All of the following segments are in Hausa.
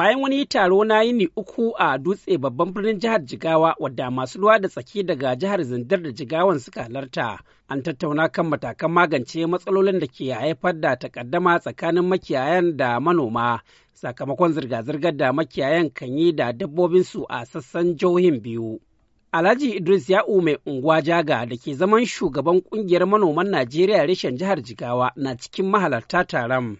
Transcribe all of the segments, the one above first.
bayan wani taro na yini uku a dutse babban birnin jihar jigawa wadda masu ruwa da tsaki daga jihar zindar da jigawan suka halarta an tattauna kan matakan magance matsalolin da ke haifar da takaddama tsakanin makiyayan da manoma sakamakon zirga-zirgar da makiyayan kan yi da dabbobinsu a sassan jihohin biyu Alhaji Idris Ya'u mai unguwa jaga da ke zaman shugaban kungiyar manoman Najeriya reshen jihar Jigawa na cikin mahalarta taron.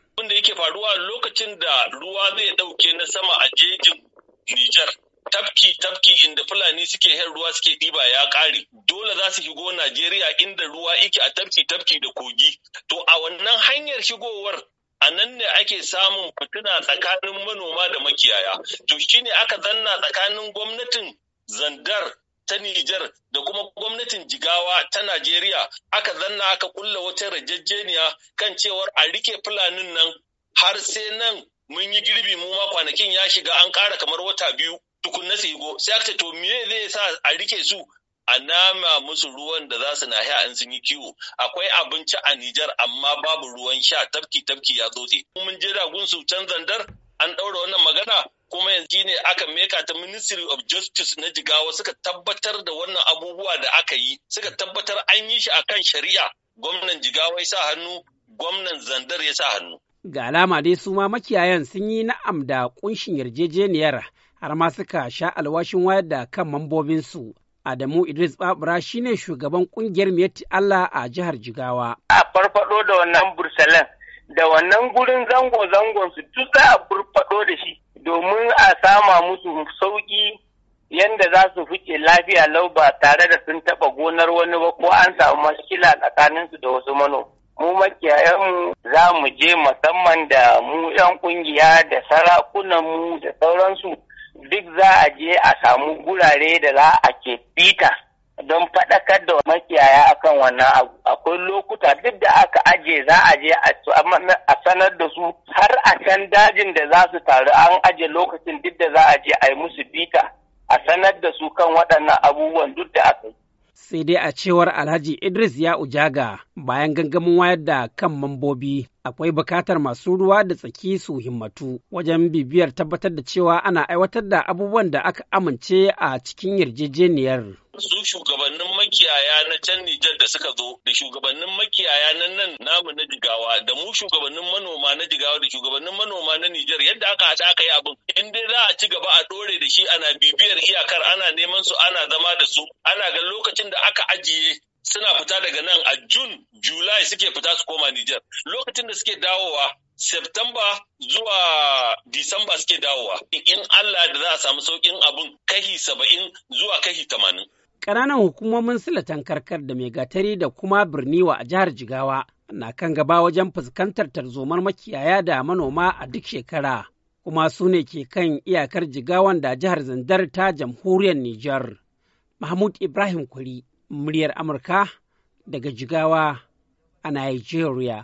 lokacin da ruwa zai ɗauke na sama a jejin Nijar, tafki tafki inda Fulani suke yan ruwa suke ɗiba ya ƙare. Dole za su shigo Najeriya inda ruwa yake a tafki tafki da kogi. To a wannan hanyar shigowar a nan ne ake samun fituna tsakanin manoma da makiyaya. To shi ne aka zanna tsakanin gwamnatin Zandar ta Nijar da kuma gwamnatin Jigawa ta Najeriya aka zanna aka kulla wata rajajjeniya kan cewar a rike fulanin nan har sai nan mun yi girbi mu ma kwanakin ya shiga an ƙara kamar wata biyu tukun na sigo sai aka to me zai sa a rike su a nama musu ruwan da za su na haya in sun yi kiwo akwai abinci a Nijar amma babu ruwan sha tafki tafki ya tsotse mun je da su can zandar an ɗaura wannan magana kuma yanzu ne aka meka ta Ministry of Justice na Jigawa suka tabbatar da wannan abubuwa da aka yi suka tabbatar an yi shi akan shari'a gwamnan Jigawa ya sa hannu gwamnan Zandar ya sa hannu Ga alama dai su ma makiyayan sun yi na'am da kunshin yarjejeniyar har ma suka sha alwashin wayar da kan mambobinsu. Adamu Idris Babura shine shugaban kungiyar Miyatti Allah a jihar Jigawa. A farfado da wannan bursalan da wannan gurin zango-zangon su duk za a farfado da shi domin a sama musu sauƙi yadda za su fice lafiya lau ba tare da sun taɓa gonar wani ba ko an samu mashkila tsakaninsu da wasu mano. Mu mu. za mu je musamman da mu 'yan kungiya da sarakunanmu da sauransu duk za a je a samu gurare da za a ke bita don faɗakar da makiyaya akan wannan abu akwai lokuta duk da aka aje za a je a sanar da su har a can dajin da za su taru an aje lokacin duk da za a je a yi musu bita a sanar da su kan waɗannan abubuwan duk da aka yi sai dai a cewar alhaji idris ya ujaga bayan gangamin wayar da kan mambobi akwai bukatar masu ruwa da tsaki su himmatu wajen bibiyar tabbatar da cewa ana aiwatar da abubuwan da aka amince a cikin yarjejeniyar su shugabannin makiyaya na can Nijar da suka zo da shugabannin makiyaya nan nan namu na jigawa da mu shugabannin manoma na jigawa da shugabannin manoma na Nijar yadda aka haɗa aka yi abin in dai za a ci gaba a ɗore da shi ana bibiyar iyakar ana neman su ana zama da su ana ga lokacin da aka ajiye suna fita daga nan a June, July suke fita su koma Nijar. Lokacin da suke dawowa, September zuwa Disamba suke dawowa. In Allah da za a samu saukin abun kahi saba'in zuwa kahi tamanin. ƙananan hukumomin silatan karkar da megatari da kuma birniwa a jihar jigawa na kan gaba wajen fuskantar tarzomar makiyaya da manoma a duk shekara kuma su ne ke kan iyakar jigawan da jihar zandar ta jamhuriyar Nijar. Mahmud Ibrahim Kuri, muryar Amurka daga Jigawa a Nigeria.